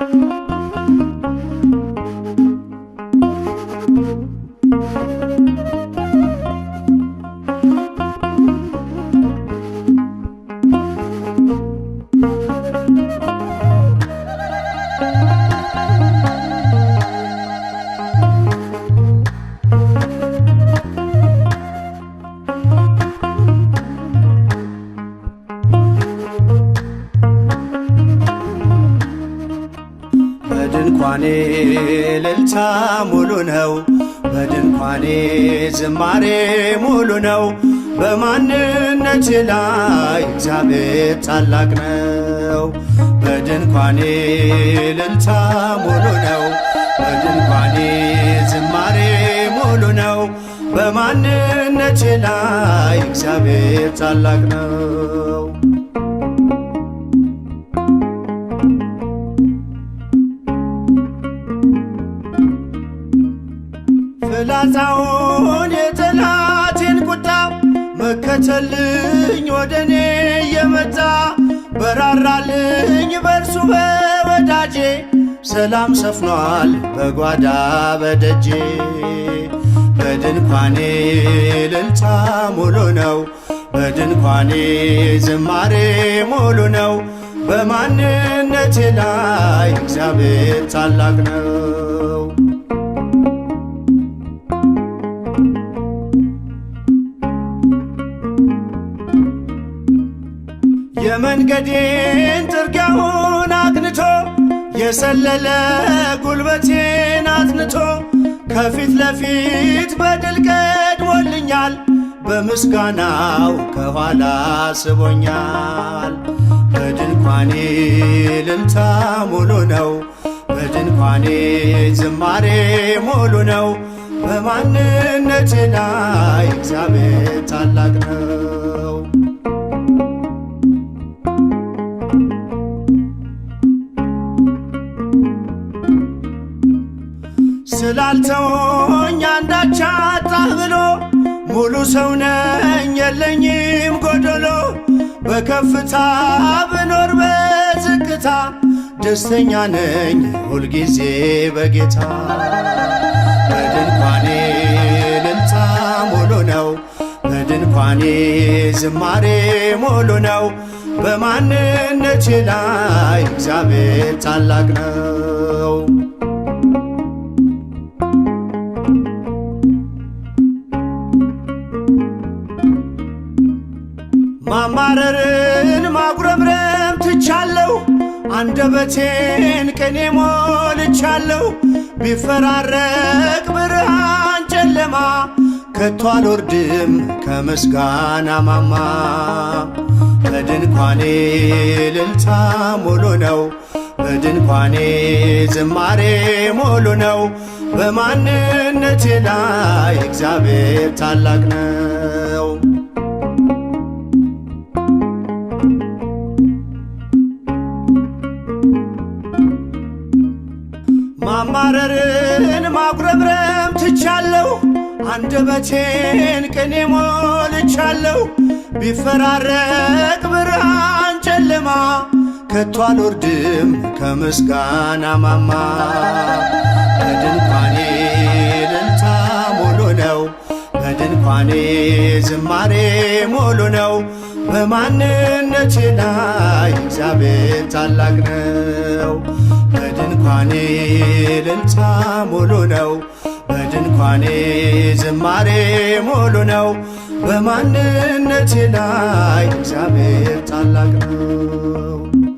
Thank you. በድንኳኔ ልልታ ሙሉ ነው። በድንኳኔ ዝማሬ ሙሉ ነው። በማንነት ላይ እግዚአብሔር ታላቅ ነው። በድንኳኔ ልልታ ሙሉ ነው። በድንኳኔ ዝማሬ ሙሉ ነው። በማንነት ላይ እግዚአብሔር ታላቅ ነው። የመጣውን የጠላቴን ቁጣ መከተልኝ ወደ እኔ የመጣ በራራልኝ በእርሱ በወዳጄ ሰላም ሰፍኗል በጓዳ በደጄ በድንኳኔ ልልታ ሙሉ ነው በድንኳኔ ዝማሬ ሙሉ ነው በማንነቴ ላይ እግዚአብሔር ታላቅ ነው። የመንገዴን ጥርጊያውን አቅንቶ የሰለለ ጉልበቴን አትንቶ ከፊት ለፊት በድል ቀድሞልኛል። በምስጋናው ከኋላ ስቦኛል። በድንኳኔ ልልታ ሙሉ ነው። በድንኳኔ ዝማሬ ሙሉ ነው። በማንነቴ ላይ እግዚአብሔር ታላቅ ነው። ስላልተወኝ አንዳች አጣህ ብሎ ሙሉ ሰው ነኝ የለኝም ጎደሎ በከፍታ ብኖር በዝቅታ ደስተኛ ነኝ ሁልጊዜ በጌታ በድንኳኔ ልልታ ሙሉ ነው በድንኳኔ ዝማሬ ሙሉ ነው በማንነቴ ላይ እግዚአብሔር ታላቅ ነው። ማማረርን ማጉረምረም ትቻለው አንደበቴን ቅኔ ሞልቻለው ቢፈራረቅ ብርሃን ጨለማ ከቶ አልወርድም ከምስጋና ማማ ከድንኳኔ ልልታ ሙሉ ነው በድንኳኔ ዝማሬ ሙሉ ነው። በማንነቴ ላይ እግዚአብሔር ታላቅ ነው። ማማረርን ማጉረምረም ትቻለሁ። አንደበቴን ቅኔ ሞልቻለሁ። ቢፈራረቅ ብርሃ ከቶ አልወርድም ከምስጋና ማማ በድንኳኔ እልልታ ሙሉ ነው፣ በድንኳኔ ዝማሬ ሙሉ ነው። በማንነት ላይ እግዚአብሔር ታላቅ ነው። በድንኳኔ እልልታ ሙሉ ነው፣ በድንኳኔ ዝማሬ ሙሉ ነው። በማንነት ላይ እግዚአብሔር ታላቅ ነው።